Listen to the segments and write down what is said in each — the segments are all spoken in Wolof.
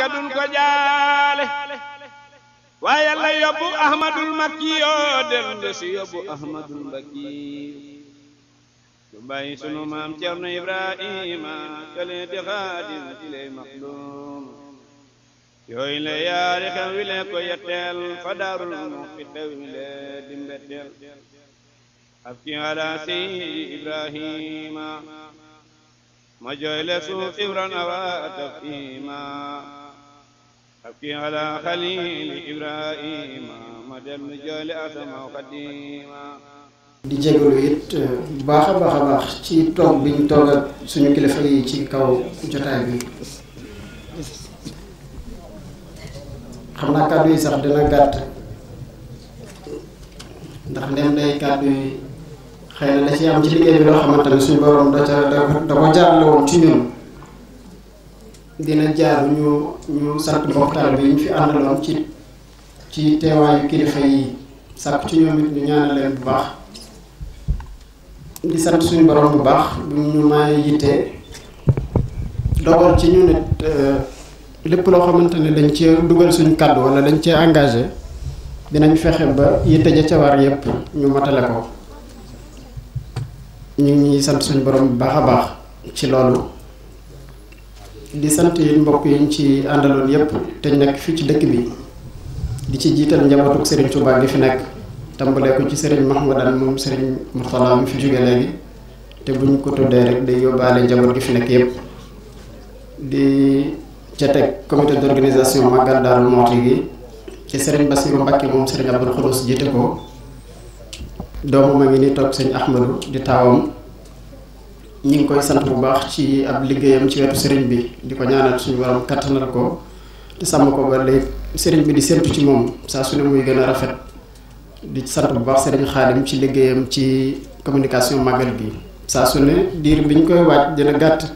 Makka duñ ko jaale waaye yàlla yóbbu Ahmadul si yóbbu Ahmadul Makki du bàyyi sunu maam Cerno Ibrahima kële di xaadim ci yaari xew wi le ko yetteel fa daarul mu fi xew wi le dimbetteel ki ala seydi ma jooy le suuf ibran awa tafima أبكي على خليل إبراهيم eh, baax a baax a kilifa yi ci kaw jotaay bi xam naa kàddu yi sax dina gàtt ndax ndem day kàddu yi xëy da ci am ci liggéey bi loo xamante ne suñu borom da ca da ko jaarale woon ci ñun. dina jaar ñu ñu sant mbokk taalibe yi ñu fi àndaloon ci ci teewaayu kilifa yi sàkk ci ñoom it ñu ñaanal leen bu baax di sant suñu borom bu baax bu ñu may yitte dogal ci ñu nit euh, lépp loo xamante ne dañ cee dugal suñu kàddu wala dañ cee engagé dinañ fexe ba yitte ja ca war yépp ñu motale ko ñu ngi sant suñu borom bu baax a baax ci loolu. di sant yi mbokk yi ñu ci àndaloon yépp te nekk fii ci dëkk bi di ci jiital njabootuk sëriñ Touba gi fi nekk tàmbalee ko ci sëriñ Mahmadan moom sëriñ Murtala mi fi jóge léegi te bu ñu ko tuddee rek day yóbbaale njaboot gi fi nekk yépp di ca teg comité d'organisation Magal Daaru Muxti gi ci sëriñ Basiru Mbàkke moom sëriñ Abdul Xudus jiite ko doomu ma ngi ni toog sëriñ Ahmadu di taawam ñu ngi koy sant bu baax ci ab liggéeyam ci wetu sëriñ bi di ko ñaanal suñu borom kattanal ko te sàmm ko ba léegi sëriñ bi di séntu ci moom saa su ne muy gën a rafet di sant bu baax sëriñ Xaadim ci liggéeyam ci communication magal gi saa su ne diir bi ñu koy waaj dina gàtt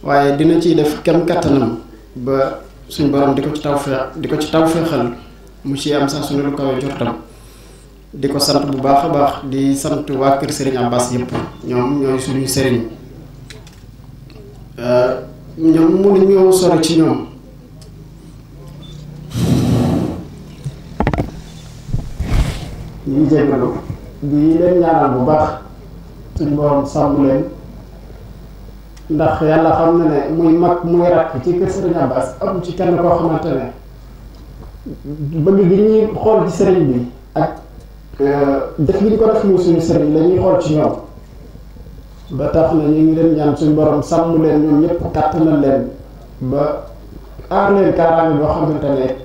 waaye dina ciy def kem kattanam ba suñu borom di ko ci tawfeex di ko ci tawfeexal mu ci am saa su ne lu kawe jortam di ko sant bu baax a baax di sant waa kër Serigne Abbas yëpp ñoom ñooy suñuy sëriñ euh, ñoom mënuñoo sori ci ñoom ñu jégalu leen ñaanal bu baax suñu borom sàmm leen ndax yàlla xam na ne muy mag muy rakk ci kër Serigne am ci kenn koo xamante ne bëgg gi ñuy xool ci sëriñ bi ak Euh, def gi ñu ko def mu suñu sëriñ la ñuy xool ci ñoom ba tax na ñu ngi leen ñan suñu boroom sàmm leen ñoom ñëpp na leen ba aar leen kaaraange boo xamante ne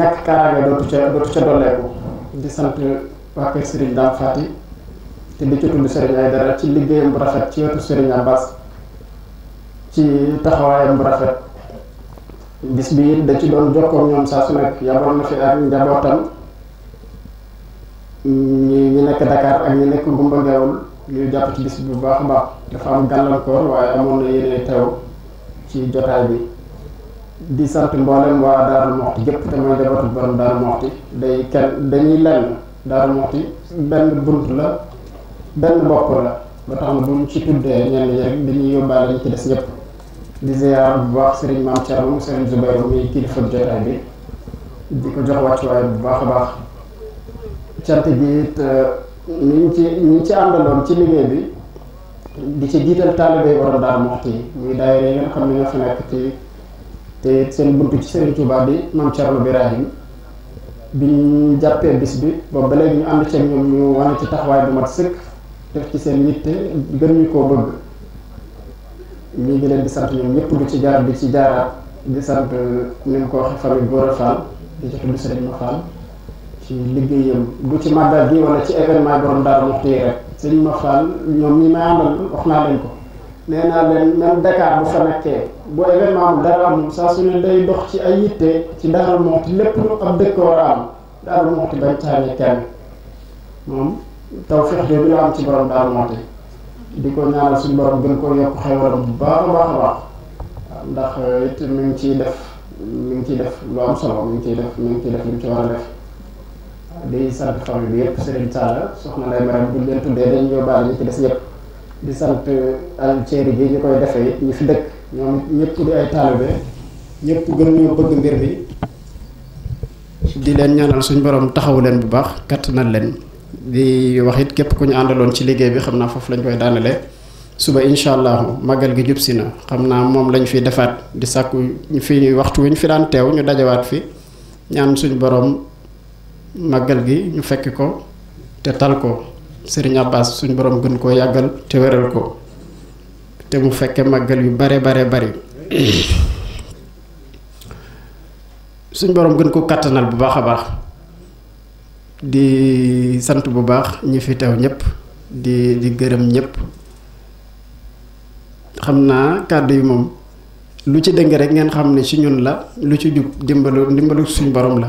ñàkk kaaraange dootu ca dootu ca dolleeku di sant waa kër Serigne Dame te di ci tudd Serigne ay dara ci liggéeyam bu rafet ci wetu Serigne Abbas ci taxawaayam bu rafet bis bi it da ci doon jokkoo ñoom saa su nekk yaboon na fi ak njabootam. ñi nekk dakaar ak ñi nekk Ngumba Ngeewul ñu jàpp ci bis bu baax a baax dafa am gàllankoor waaye amoon na yeneen teew ci jotaay bi di sant mboolem waa Daaru Moxti jëpp te mooy njabootu borom Daaru Moxti day kenn dañuy lenn Daaru Moxti benn bunt la benn bopp la ba tax na bu ñu ci tuddee ñenn ñi rek dañuy yóbbaale ñu ci des ñëpp di ziar bu baax Serigne Mame Thierno Serigne Zoubair muy kilifa jotaay bi di ko jox wàccuwaay bu baax a baax cant gi it euh, ñu ci ñu ci àndaloon ci liggéey bi di ci jiital taalibe borom Daaru Muxti yi muy daayira yi nga xam ne ñoo fi nekk te seen buntu ci Serigne Touba bi Mame Thierno Birahim bi ñu jàppee bis bi boobu ba léegi ñu ànd ceeg ñoom ñu wane ci taxawaay bu mat sëkk def ci seen yitte gën ñu koo bëgg ñu ngi di sant ñoom ñëpp du ci jaar bi ci jaar di sant euh, ni mu ko waxee famille Gora Fall di ci tudd Serigne Fall ci liggéeyam bu ci màggal gi wala ci événement borom Daaru Muxti rek sëñ ma ñoom ñi may àndal wax naa leen ko nee naa leen même Dakar bu fa bu événement bu dara am saa su day dox ci ay yitte ci Daaru Muxti lépp lu ab dëkk war a am Daaru Muxti bañ caane kenn moom taw fex bi la ci borom Daaru Muxti di ko ñaanal suñu borom gën ko yokk xewal bu baax a baax a baax ndax it mi ngi ciy def mi ngi ciy def am solo mi ngi ciy def ci war a def di sant famille bi yëpp Serigne Sall soxna Ndeye Maram bu ñu leen tuddee dañu yóbbaale ñi ci des ñëpp di sant euh, alal ceeri gi ñu koy defee ñu fi dëkk ñoom ñëpp di ay taalibe ñëpp gën ñoo bëgg mbir bi di leen ñaanal suñ borom taxaw leen bu baax na leen di wax it képp ku ñu àndaloon ci liggéey bi xam naa foofu lañ koy daanale suba incha allah màggal gi jub si na xam naa moom lañ fi defaat di sàkku ñu fi waxtu wi ñu fi daan teew ñu dajawaat fi ñaan suñ borom. màggal gi ñu fekki ko te tal ko Serigne suñ borom gën koo yàggal te wéral ko te mu fekkee màggal yu bare bare bari suñ boroom gën ko kàttanal bu baax a baax di sant bu baax ñi fi teew ñëpp di di gërëm ñëpp xam naa kàddu yi moom lu ci dëng rek ngeen xam ne ci ñun la lu ci jub ndimbalu dimbalu suñ borom la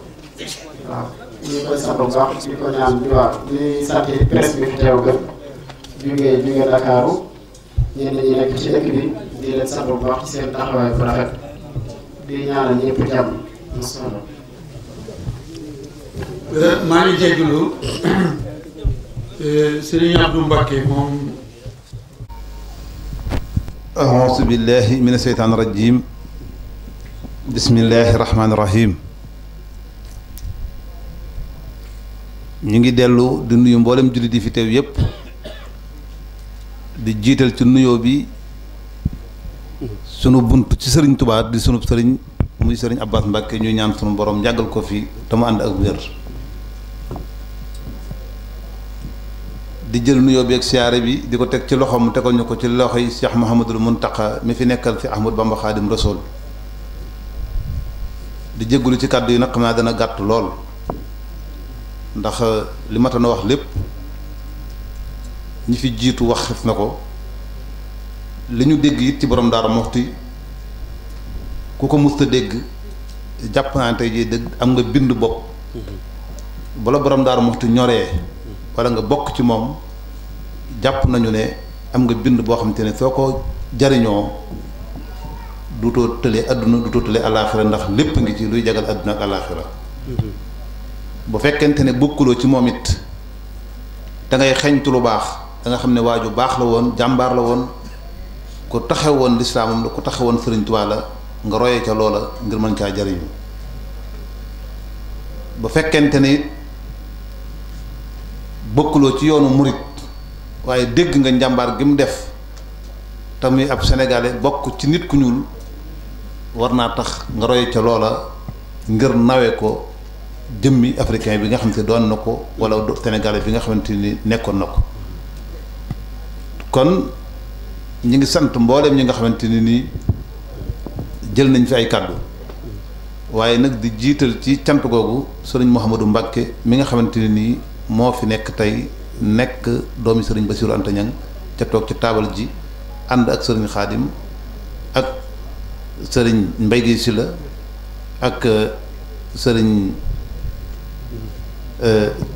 ñu ngi koy sant bu baax di ko ñaan di waa di sant presse bi fi teew gën jugee jugee Ndakaaru ñenn ñi nekk ci dëkk bi di leen sant bu baax ci seen taxawaay bu rafet di ñaanal ñëpp jàmm euh, maa ngi jégalu euh, Serigne Abdou Mbacké moom. auzu billahi mina shaytaani rajiim bismillahi rahmaani rahiim. ñu ngi dellu di nuyu mboolem jullit yi fi teew yépp di jiital ci nuyoo bi sunu bunt ci sëriñ Tuubaa di sunu sëriñ muy sëriñ Abbas Mbàkke ñu ñaan sunu boroom yàggal ko fi te mu ànd ak wér di jël nuyoo bi ak siyaare bi di ko teg ci loxoom tegal ñu ko ci loxo yi Cheikh Mouhamadul Muntaqa mi fi nekkal fi Ahmad Bamba Xaadim Rasul di jégalu ci kàddu yi nag xam dana gàtt lool. ndax euh, li ma a wax lépp ñi fi jiitu wax xef na ko li ñu dégg it ci borom Daaru Muxti ku ko musta dégg jàpp naa tey jii dégg am nga bind bopp mm-hmm. bala borom Daaru Muxti ñoree mm-hmm. wala nga bokk ci moom jàpp nañu ne am nga bind boo xam te ne soo ko jariñoo duutoo tële àdduna duutoo tële alaaxira ndax lépp ngi ci luy jagal àdduna ak alaaxira bu fekkente ne bokkuloo ci moom it dangay ngay lu baax danga xam ne waaju baax la woon jàmbaar la woon ku taxe woon lislaamam la ku taxe woon Sëriñ Tuubaa la ca loola ngir mën caa jariñu bu fekkente ne it bokkuloo ci yoonu murit waaye dégg nga njàmbaar gi mu def te muy ab sénégalais bokk ci nit ku ñuul war naa tax nga roye ca loola ngir nawe ko jëmmi africain bi nga xam te doon na ko wala sénégalais bi nga xamante ni nekkoon na ko kon ñu ngi sant mbooleem ñi nga xamante ni nii jël nañ fi ay kàddu waaye nag di jiital ci cant googu sëriñ Mouhamadou Mbacke mi nga xamante ni nii moo fi nekk tey nekk doomi sëriñ Bassirou Anta Niang ca toog ci taabal ji ànd ak sëriñ Xaadim ak sëriñ Mbaye Guèye la ak euh, sëriñ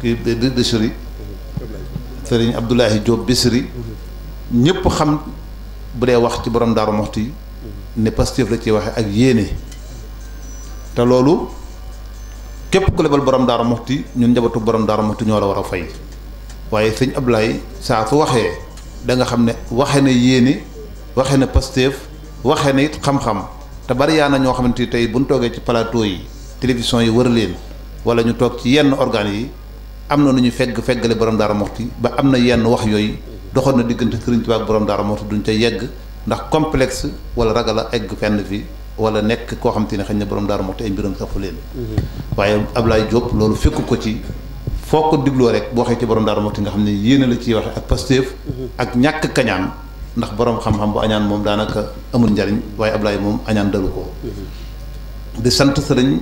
kii Bichri sëriñ Abdoulahi Diop Bichri ñëpp xam bu dee wax ci borom Daaru Moxti ne Pastef la ciy waxe ak yéene te loolu képp ku lebal borom Daaru Moxti ñun njabootu borom Daaru Moxti ñoo la war a fay waaye sëñ Abdoulahi saa su waxee danga xam ne waxe ne yéene waxe na Pastef waxe na it xam-xam te bari yaa na ñoo xamante ni tey buñ toogee ci plateau yi télévision yi war a leen wala ñu toog ci yenn organes yi am na nu ñu fegg feggale borom Darou Mouhty ba am na yenn wax yooyu doxoon na diggante Serigne Touba boroom borom Darou Mouhty duñ ca yegg ndax complexe wala ragal a egg fenn fi wala nekk koo xam te ne xëy na borom Darou Mouhty ay mbiram safu leen. Mm-hmm. waaye Ablaye Diop loolu fekku ko ci. foo ko digloo rek boo waxee ci borom Darou Mouhty nga xam ne yéene la ci waxe ak Pastef mm-hmm. ak ñàkk kañaan ndax boroom xam-xam bu añaan moom daanaka amul njariñ waaye Ablaye moom añaan dalu ko. Mm-hmm. di sant sëriñ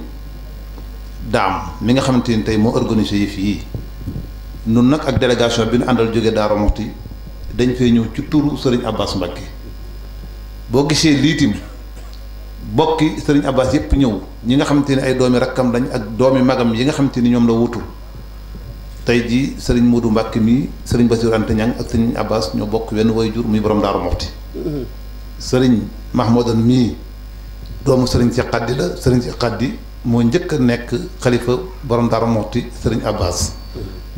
daam mi nga xamante ni tey moo organisé yi fii nun nag ak délégation bi ñu àndal jóge Daaru Muxti dañ fee ñëw ci turu sëriñ Abbas Mbacke boo gisee liitim bokki sëriñ Abbas yépp ñëw ñi nga xamante ni ay doomi rakkam lañ ak doomi magam yi nga xamante ni ñoom la wutu tey ji sëriñ Modou Mbacke mii sëriñ Bassirou Anta Niang ak sëriñ Abbas ñoo bokk wenn jur muy borom Daaru Muxti mm-hmm. sëriñ Mahmoudan mii doomu sëriñ si xaddi la sëriñ si xaddi moo njëkk a nekk xalifa borom Daaru Muxti sëriñ Abbas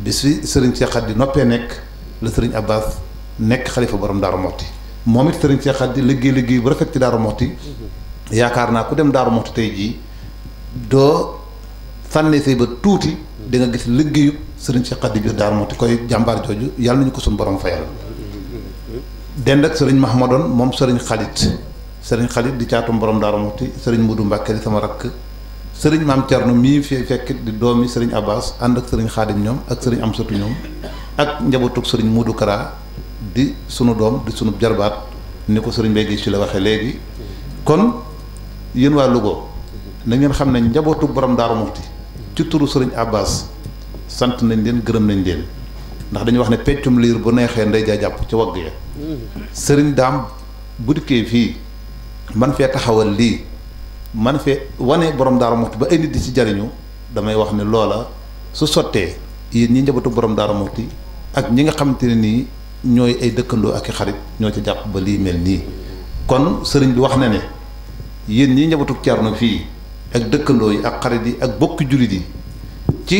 bis fi sëriñ Cheikh di noppee nekk la sëriñ Abbas nekk xalifa borom Daaru Muxti moom it sëriñ Cheikh Khady liggéey liggéey bu ci Daaru Muxti yaakaar naa ku dem Daaru Muxti tey jii doo sànni say ba tuuti di nga gis liggéeyu sëriñ Cheikh Khady biir Daaru Muxti koy jàmbaar jooju yàlla nañu ko suñu borom fayal dend ak sëriñ Mahamadoon moom sëriñ xalit sëriñ Khalid di caatum borom Daaru Muxti sëriñ Mudu Mbàkke di sama rakk sëriñ maam Thierno mii fi fekk di doomi sëriñ Abbas ànd ak sëriñ Xaadim ñoom ak sëriñ Amsatu ñoom ak njabootug sëriñ Muudu Kara di sunu doom di sunu jarbaat ni ko sëriñ Mbaye Guèye ci la waxee léegi kon yéen waa Louga na ngeen xam ne njabootug borom Daaru Muxti ci turu sëriñ Abbas sant nañ leen gërëm nañ leen ndax dañu wax ne peccum liir bu neexee ndey jaa jàpp ca wagg ya mm. sëriñ daam bu dikkee fii man fee taxawal lii man fee wane borom Daaru Muxti ba ay nit di ci jariñu damay wax ne loola su sottee yéen ñi njabootu borom Daaru Muxti ak ñi nga xamante ne nii ñooy ay dëkkandoo ak i xarit ñoo ci jàpp ba lii mel nii kon sëriñ bi wax na ne yéen ñi njabootu Ceerno fii ak dëkkandoo yi ak xarit yi ak bokki jullit yi ci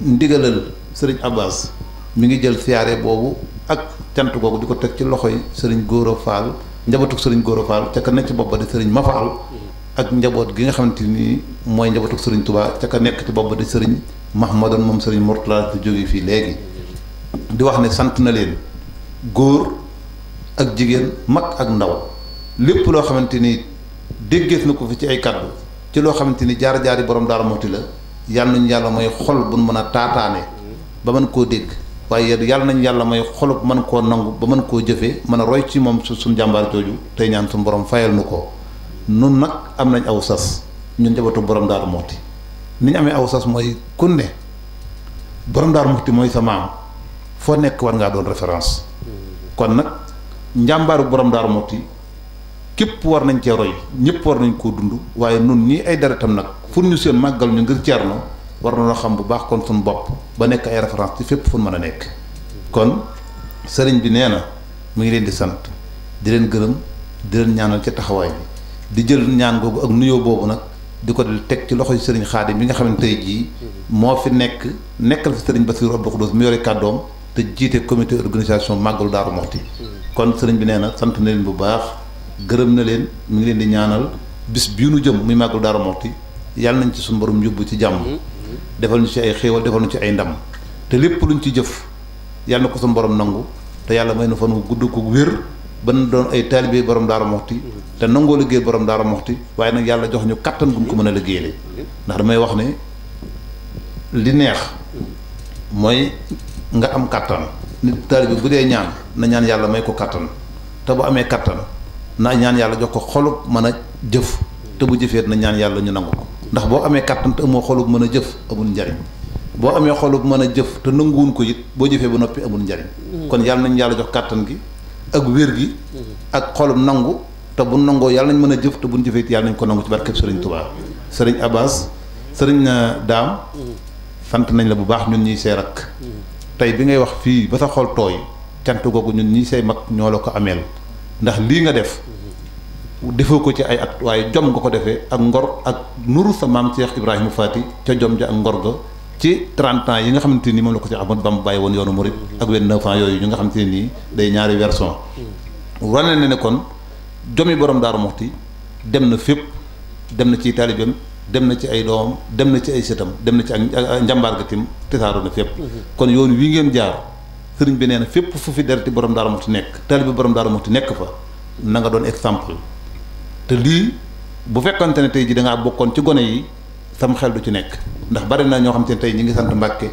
ndigalal sëriñ Abbas mu ngi jël siyaare boobu ak cant googu di ko teg ci loxo yi sëriñ Gora njabootuk sëriñ Gora Fall ca ka nekk ci bopp ba di sëriñ Mafaal ak njaboot gi nga xamante nii mooy njabootuk sëriñ Touba ca ka nekk ci bopp ba di sëriñ Mahmadan moom sëriñ Mourtala di jóge fii léegi di wax ne sant na leen góor ak jigéen mag ak ndaw lépp loo xamante ni déggees na ko fi ci ay kaddu ci loo xamante ni jaar-jaari borom Daaru Muxti la yàlla nañu yàlla mooy xol bu nu mën a taataane ba mën koo dégg waaye yàlla nañ yàlla mooy xolub mën koo nangu ba mën koo jëfee man a roy ci moom su suñ jàmbaar jooju tey ñaan suñu borom fayal nu ko nun nag am nañ aw sas ñu njabootu borom daaru muxti ni ñu amee aw sas mooy kun ne borom daaru muxti mooy sa maam foo nekk war ngaa doon référence kon nag njàmbaaru borom daaru muxti képp war nañ cee roy ñëpp war nañ koo dund waaye nun nii ay deretam nag fur ñu seen màggal ñu ngir ceer noo war na xam bu baax kon suñu bopp ba nekk ay référence ci fépp fun mën a nekk kon sëriñ bi nee na mu ngi leen di sant di leen gërëm di leen ñaanal ca taxawaay bi di jël ñaan googu ak nuyoo boobu nag di ko di teg ci loxo loxoy sëriñ Xaadim bi nga xam ne jii moo fi nekk nekkal fi sëriñ Bassirou Abdou Khoudoss mu yore kàddoom te jiite comité organisation màggalu Daaru Moxti kon sëriñ bi nee na sant na leen bu baax gërëm na leen mu ngi leen di ñaanal bis bii nu jëm muy màggalu Daaru Moxti yàlla nañ ci suñu borom yóbbu ci jàmm defal ñu ci ay xéewal defal ñu ci ay ndam te lépp luñ ci jëf yàlla na ko suñu borom nangu te yàlla may na fan wu gudd ko wér ba na doon ay taalibe borom daara moxti te nangoo liggéey borom daara moxti waaye nag yàlla jox ñu kàttan gu ñu ko mën a liggéeyale ndax damay wax ne li neex mooy nga am kattan nit taalibe bu dee ñaan na ñaan yàlla may ko kattan te bu amee kattan na ñaan yàlla jox ko xolub mën a jëf te bu jëfeet na ñaan yàlla ñu nangu ko ndax boo amee kàttan te amoo xolub mën a jëf amul njariñ boo amee xolub mën a jëf te nanguwun ko it boo jëfee ba noppi amul njariñ mm. kon yàlla nañ yàlla jox kàttan gi ak wér gi mm. ak xolub nangu te bu nangoo yàlla nañ mën a jëf te buñ jëfee it yàlla nañ ko nangu ci barkeb sëriñ Touba sëriñ Abbas sëriñ na daam mm. sant nañ la bu baax ñun ñi say rakk tey bi ngay wax fii ba sa xol tooy cant googu ñun ñi say mag ñoo la ko ameel ndax lii nga def defoo ko ci ay at waaye jom nga ko defee ak ngor ak nuru sa maam Cheikh Ibrahima Fati ca jom ja ak ngor ga ci 30 yi nga xamante ni moom la ko ci Ahmad Bamba bàyyi woon yoonu murid ak wenn neuf ans yooyu ñu nga xamante ne nii day ñaari version wane na ne kon jomi borom Daaru Muxti dem na fépp dem na ci taalibeem dem na ci ay doomam dem na ci ay sëtam dem na ci ak njàmbaar ga tim tisaaroo na fépp kon yoonu wi ngeen jaar sëriñ bi nee fépp fu fi dereti borom Daaru Muxti nekk taalibe borom Daaru Muxti nekk fa na nga doon exemple te lii bu fekkonte ne tey ji da ngaa bokkoon ci gone yi sam xel du ci nekk ndax bari naa ñoo xam te ne tey ñi ngi sant Mbàkke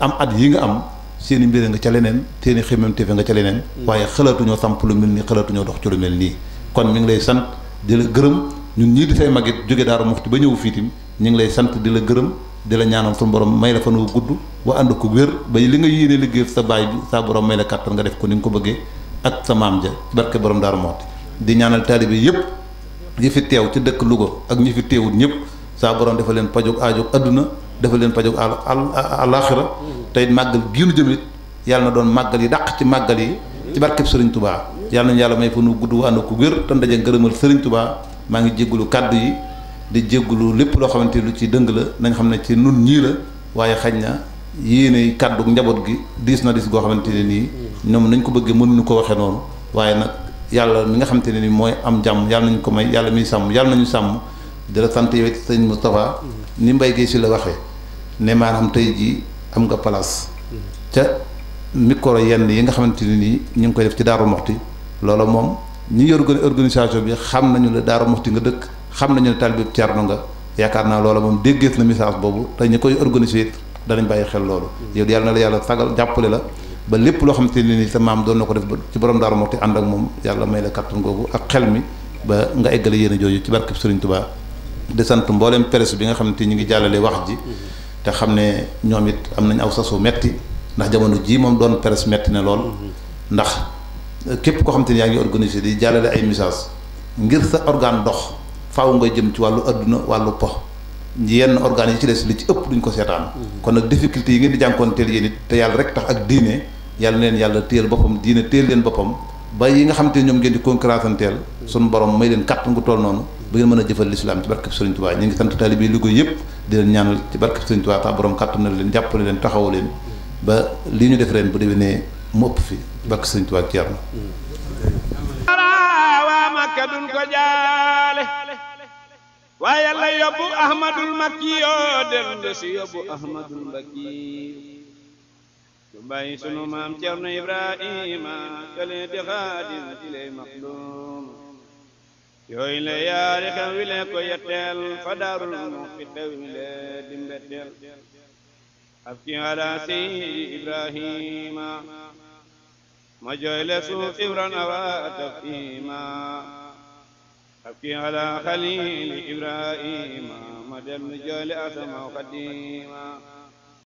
am at yi nga am seen i mbir nga ca leneen seen i xemmeemteef nga ca leneen waaye xalaatuñoo samp lu mel nii xalaatuñoo dox ci lu mel nii kon ñu ngi lay sant di la gërëm ñun ñii di say magit jóge Daaru Muxti ba ñëw fiitim ñu ngi lay sant di la gërëm di la ñaanal suñu borom may la fan wu gudd wa ànd ko wér ba li nga yéene liggéey sa baay sa borom may la kàttan nga def ko ni nga ko bëggee ak sa maam ja barke borom Daaru Muxti di ñaanal taalibe yépp ñi fi teew ci dëkk Louga ak ñi fi teewut ñëpp saa borom dafa leen pajog aajoog àdduna dafa leen pajog al àlaxira tey màggal gii nu jëm it na doon màggal yi dàq ci màggal yi ci barkeb Serigne tubaa yal nañu yàlla may fa nu gudd wa ànd ko wér te ndaje ngërëmal Serigne tubaa maa ngi jéggulu kàddu yi di jéggulu lépp loo xamante lu ci dëng la nañ xam ne ci nun ñii la waaye xañ na yéene kàddu njaboot gi diis na diis goo xamante ne nii ñoom nañ ko bëggee mënuñu ko waxee noonu waaye nag yàlla mi nga xamante ne ni mooy am jàmm yàlla nañu ko may yàlla miy sàmm yàlla nañu sàmm di sant sant sañ sëñ Moustapha ni mbay Guèye si la waxee ne maanaam tey jii am nga place ca micro yenn yi nga xamante ne nii ñu ngi koy def ci Daaru Moxti loola moom ñi yor organisation bi xam nañu ne Daaru Moxti nga dëkk xam nañu ne talibé Thierno nga yaakaar naa loola moom déggees na message boobu te ñi koy organiser it danañ bàyyi xel loolu yow na la yàlla sagal jàppale la ba lépp loo xamante ne ni sa maam doon na ko def ci borom Daaru Muxti ànd ak moom yàlla may la kàttan googu ak xel mi ba nga eggale yéen a jooju ci barkeb Sëriñ Tuubaa di sant mboolem presse bi nga xamante ñu ngi jàllale wax ji te xam ne ñoom it am nañu aw sasu metti ndax jamono jii moom doon presse metti ne lool ndax képp koo xamante ni yaa ngi organisé di jàllale ay message ngir sa organe dox faw nga jëm ci wàllu adduna wàllu po yenn organes yi ci des li ci ëpp duñ ko seetaan. kon nag difficulté yi ngeen di jànkoonteel yéen it te yàlla rek tax ak diine yàlla leen yàlla téel boppam diine téel leen boppam ba yi nga xam te ñoom ngeen di concurrentanteel sunu borom may leen kàttan gu toll noonu ba ngeen mën a jëfal lislaam ci barkeb Sëriñ Tuubaa ñu ngi sant taalibe yi liggéey yëpp di leen ñaanal ci barkeb Sëriñ Tuubaa tax borom kàttan na leen jàppale leen taxaw leen ba li ñu def ren bu déwénee mu ëpp fi barkeb Sëriñ Tuubaa waaye la yóbbu ahmadul makki yoo del ndesi yóbbu ahmadul makki su bàyyi sunu maam cerno ibrahima këlee di xaadim ci lay maxdum yooyu le yaari xew wi le ko yetteel fa daarul muxti xew wi af ki ala seydi ma jooy le suuf ibran awa أبكي على خليل إبراهيم مدى النجال أسمى قديما